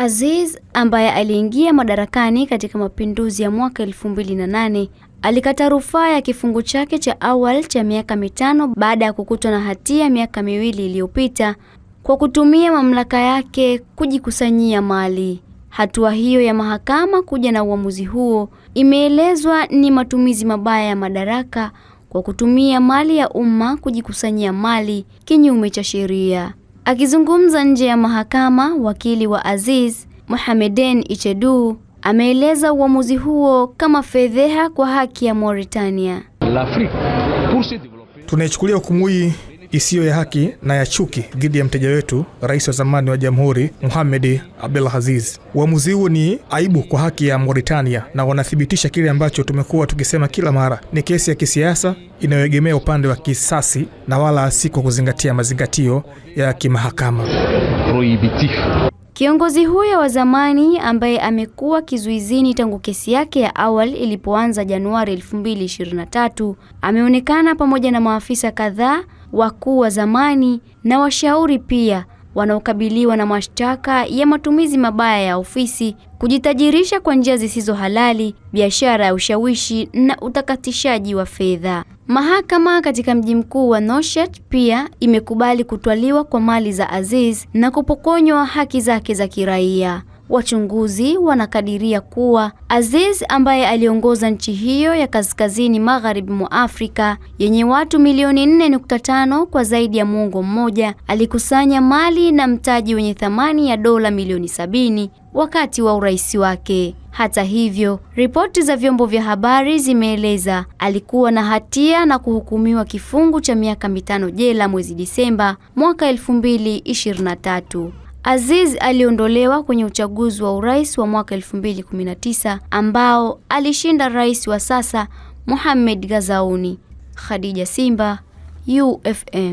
Aziz ambaye aliingia madarakani katika mapinduzi ya mwaka 2008 alikata rufaa ya kifungo chake cha awali cha miaka mitano baada ya kukutwa na hatia miaka miwili iliyopita kwa kutumia mamlaka yake kujikusanyia mali. Hatua hiyo ya mahakama kuja na uamuzi huo imeelezwa ni matumizi mabaya ya madaraka kwa kutumia mali ya umma kujikusanyia mali kinyume cha sheria. Akizungumza nje ya mahakama, wakili wa Aziz, Mohameden Ichedu, ameeleza uamuzi huo kama fedheha kwa haki ya Mauritania. Tunaichukulia hukumu hii isiyo ya haki na ya chuki dhidi ya mteja wetu rais wa zamani wa jamhuri Mohamed Abdelaziz. Uamuzi huu ni aibu kwa haki ya Mauritania na wanathibitisha kile ambacho tumekuwa tukisema kila mara, ni kesi ya kisiasa inayoegemea upande wa kisasi na wala si kwa kuzingatia mazingatio ya kimahakama. Kiongozi huyo wa zamani ambaye amekuwa kizuizini tangu kesi yake ya awali ilipoanza Januari 2023 ameonekana pamoja na maafisa kadhaa wakuu wa zamani na washauri pia wanaokabiliwa na mashtaka ya matumizi mabaya ya ofisi, kujitajirisha kwa njia zisizo halali, biashara ya ushawishi na utakatishaji wa fedha. Mahakama katika mji mkuu wa Nouakchott pia imekubali kutwaliwa kwa mali za Aziz na kupokonywa haki zake za kiraia. Wachunguzi wanakadiria kuwa Aziz ambaye aliongoza nchi hiyo ya kaskazini magharibi mwa Afrika yenye watu milioni 4.5 kwa zaidi ya muongo mmoja alikusanya mali na mtaji wenye thamani ya dola milioni sabini wakati wa urais wake. Hata hivyo, ripoti za vyombo vya habari zimeeleza alikuwa na hatia na kuhukumiwa kifungu cha miaka mitano jela mwezi Disemba mwaka 2023. Aziz aliondolewa kwenye uchaguzi wa urais wa mwaka 2019 ambao alishinda rais wa sasa Mohamed Gazauni. Khadija Simba, UFM.